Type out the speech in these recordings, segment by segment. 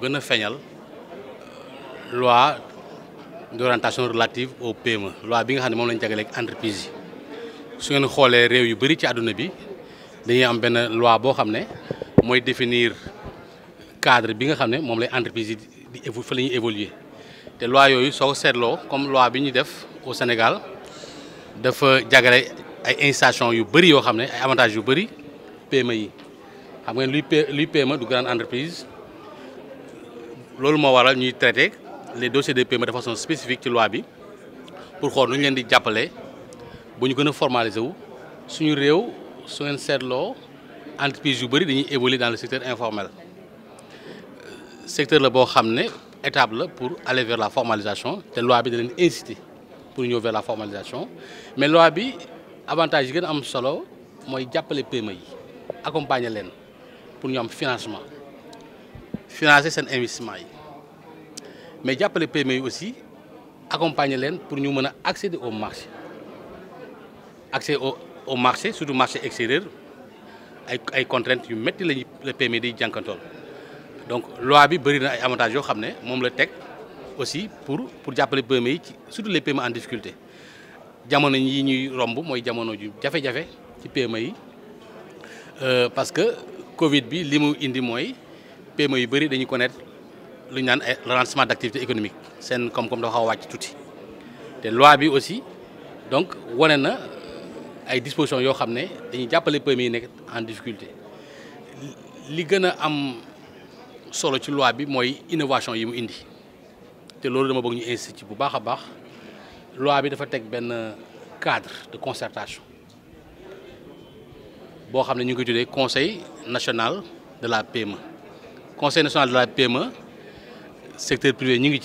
gëna a euh, loi d'orientation relative au PME loi bi nga xamne mom lañu jagaleeg entreprise su ngeen xolé réew yu bëri ci aduna bi dañuy am benn loi bo xam moy définir cadre bi nga xam mom lay entreprise di fa la évoluer té loi yooyu soo seetloo comme loi bi ñu def au Sénégal dafa jagalé ay incitation yu bëri yo xam ay avantages yu bëri PME yi xam ngeen luy luy PME du grande entreprise nous moo waral traité les dossiers de paiement de façon spécifique ci loi pour les nu ñu nous di jàppale formaliser wu suñu avons su ngeen seetloo entreprise yu dans le secteur informel le secteur est établi pour aller vers la formalisation la loi bi da pour aller vers la formalisation mais loi bi avantage yi gën c'est am solo mooy PME yi accompagner leen pour avoir un financement financer seen investissement yi mais les PME aussi accompagner leen pour ñu mën accéder au marché accès au au marché surtout marché extérieur ay ay contraintes yu métti lañu la PME di jànkantool donc loi bi bëri na ay avantages yoo xam ne moom aussi pour pour les PME surtout les PME en difficulté jamono yi ñuy romb mooy jamono ju jafe-jafe ci PME yi euh, parce que Covid bi li mu indi PME yu bëri dañuy connaître lu ñaan ay lancement d'activité économique seen comme comme dafa wàcc tuuti te loi bi aussi donc wane na ay dispositions yoo xam ne dañuy jàppale PME yi nekk en difficulté li gën a am solo ci loi bi mooy innovation yi mu indi te loolu dama bëgg ñu insister ci bu baax a baax loi bi dafa teg benn cadre de concertation boo xam ne ñu ngi tuddee conseil national de la PME conseil national de la PME secteur privé ñu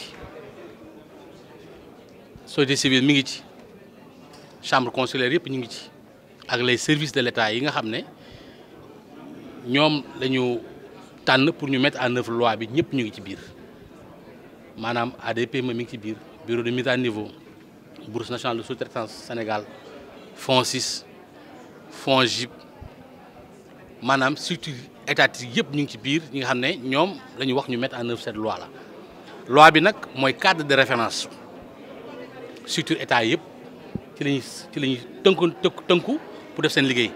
société civile mi chambre consulaire yëpp les services de l'État Nous nga fait pour mettre en œuvre loi bi ADP, le ngi ci e bureau de mise à niveau bourse nationale de sous-traitance Sénégal fonds 6, fonds JIP, madame structure état yépp ñu ngi ci biir ñi nga xam ne ñoom la wax ñu mettre en œuvre cette loi la loi bi nag mooy cadre de référence structure état yépp ci la ci la ñuy tënku tënku pour def seen liggéey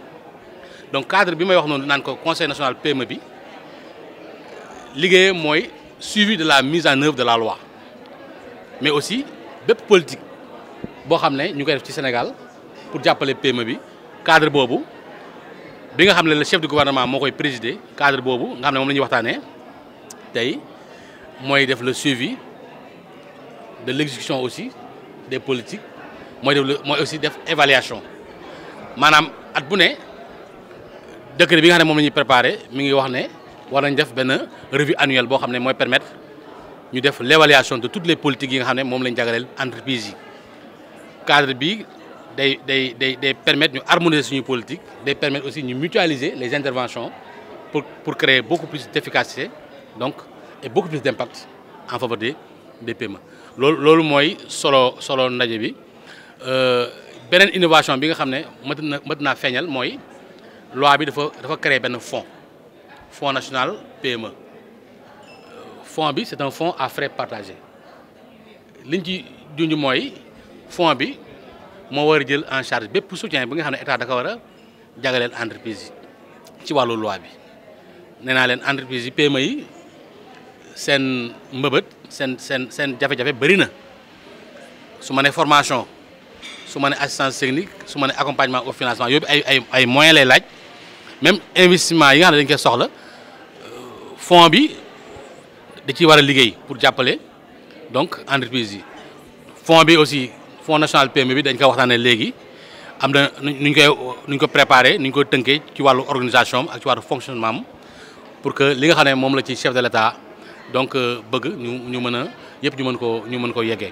donc cadre bi may wax noonu naan ko conseil national PME bi liggéey mooy suivi de la mise en œuvre de la loi mais aussi bépp politique boo xam ne ñu koy def ci Sénégal pour jàppale PME bi cadre boobu bi nga xam le chef du gouvernement mokoy présider cadre bobu nga xam mom moom waxtané tay moy def le suivi de l'exécution aussi des politiques moy def moy aussi def évaluation manam at bu ne décret bi nga xam mom moom préparer mi ngi wax né war nañ def ben revue annuelle bo xam moy permettre ñu def l'évaluation de toutes les politiques yi nga xam mom lañu jagalel entreprise yi cadre bi de permettre ñu harmoniser suñu politique de permettre aussi de mutualiser les interventions pour pour créer beaucoup plus d'efficacité donc et beaucoup plus d'impact en faveur des PME C'est ce que solo solo ndaje bi euh, beneen innovation bi nga xam ne mët na mët loi créer benn fonds fonds national PME fonds bi c'est un fonds à frais partagés liñ ci que fonds moo war jël en charge bépp soutien bi nga xamné état da ko wara a entreprise ci walu loi bi nee naa entreprise yi PME yi sen mbëbët sen sen sen jafé jafé bari na su ma formation su ma assistance technique su ma accompagnement au financement yooyu ay ay ay moyens lay laaj même investissement yi nga dañ koy soxla euh, fonds bi da ci wara liggéey pour jappalé donc entreprise yi fonds bi aussi fonds national PME bi dañ ko waxtaanee léegi am na nuñ koy nuñ ko préparé nuñ ko tënkee ci wàllu organisation ak ci wàllu fonctionnement pour que li nga xam ne moom la ci chef de l'État donc euh, bëgg ñu ñu mën a yëpp ñu mën ko ñu mën ko yeggee.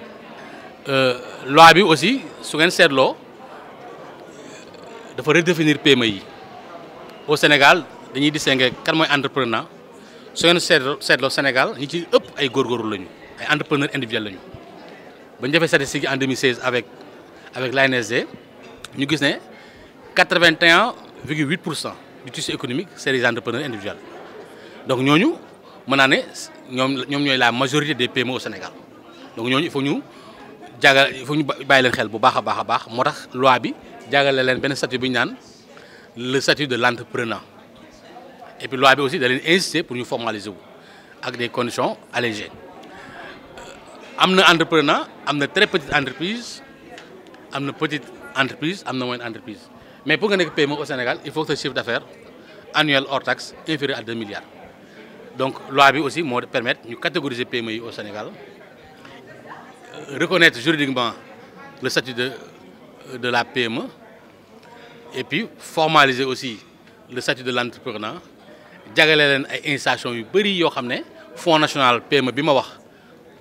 Euh, loi bi aussi su ngeen seetloo dafa redéfinir PME yi au Sénégal dañuy distinguer kan mooy entrepreneur su ngeen seetloo seetloo Sénégal ñi ci ëpp ay góorgóorlu lañu ay entrepreneur individuel lañu. fait statistique en 2016 avec avec l'ANSD Nous avons 81,8% du tissu économique c'est les entrepreneurs individuels donc nous, mën la majorité des PME au Sénégal donc nous, il faut ñu faut loi bi statut le statut de l'entrepreneur et puis loi bi aussi insisté insister pour nous formaliser avec des conditions allégées amna entrepreneur amna très petite entreprise petites petite entreprise nous moyenne entreprise mais pour gagner le PME au Sénégal il faut que ce chiffre d'affaires annuel hors taxe inférieur à 2 milliards donc loi aussi moo permettre ñu catégoriser PME au Sénégal reconnaître juridiquement le statut de la PME et puis formaliser aussi le statut de l'entrepreneur jagale ay yu fonds national PME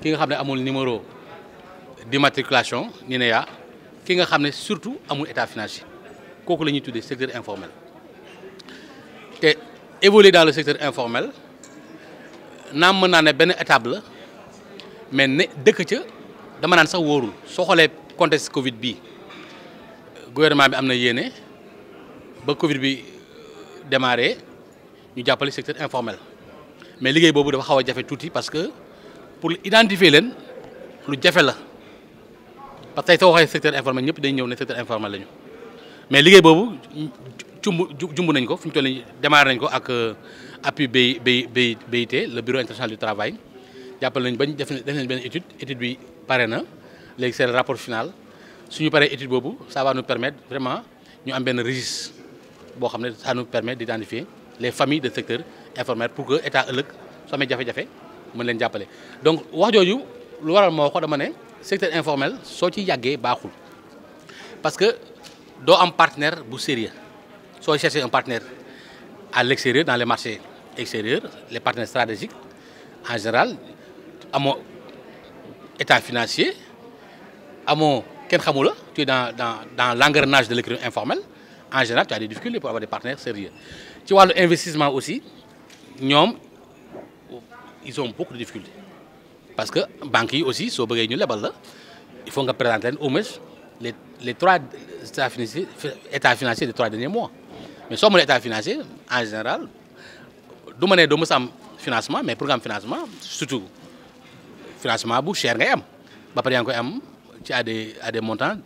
qui nga xam numéro d'immatriculation ki nga surtout état financier ce le secteur informel Et évoluer dans le secteur informel nous sommes mais ne Nous contexte Covid Le gouvernement a Covid bi démarré ñu le secteur informel mais liggéey boobu dafa a parce que pour identifier leen lu jafe la parce que tey soo waxee secteur informel ñëpp dañu ñëw ne secteur informel lañu mais liggéey boobu jumb jumb nañ ko fu ñu toll nii démarré nañ ko ak euh, appui béy BI BIT le bureau international du travail jàppale ba ñu def nañ benn étude étude bi pare na léegi c'est rapport final suñu paree étude boobu ça va nous permettre vraiment ñu am benn registre boo xam ne saa nous permet d'identifier les familles de secteur informel pour que état ëllëg su amee mën leen jàppale donc wax jooju lu waral moo ko dama ne secteur informel soo ci yàggee baaxul parce que doo am partenaire bu sérieux soo chercher un partenaire à l'extérieur dans les marchés extérieurs les partenaires stratégiques en général amoo état financier amoo kenn xamula tu es dans dans l'engrenage de l'économie informelle en général tu as des difficultés pour avoir des partenaires sérieux ci vois, l'investissement aussi ñoom ils ont beaucoup de difficultés parce que les banquiers aussi si bëggee ñu lebal la il faut nga présenter au moins les trois états financiers des trois derniers mois mais sur mon état financier en général du ma ne doo financement mais le financement surtout financement bu cher ngay am ba pare yaa koy des montants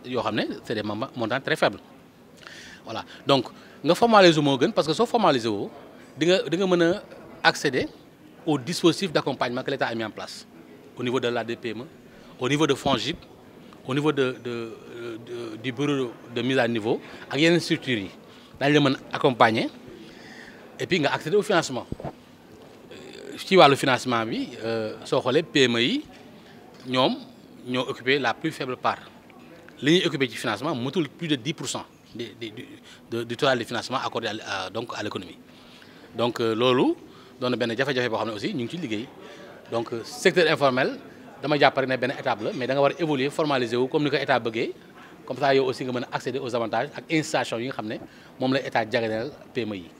c'est des montants très faibles voilà donc nous formalisons moo parce que si on formalise, di nga nga accéder au dispositif d'accompagnement que l'État a mis en place au niveau de l'ADPME, au niveau de FONGIP, au niveau de, du bureau de mise à niveau, avec une structure. Nous accompagner et puis accéder au financement. Si euh, le financement, euh, les PMI, nous occupé la plus faible part. Nous occupé du financement, plus de 10% du total de financement accordé à, donc à l'économie. Donc, euh, donc na déjà jafe-jafe boo xam aussi ñu ngi ci liggéey donc euh, secteur informel dama ma rek ben benn la mais da nga war a évoluer formaliser wu comme ni ko état bëggee comme ça yow aussi nga mën accéder aux avantages ak une yi nga xam ne moom la état jagleel PME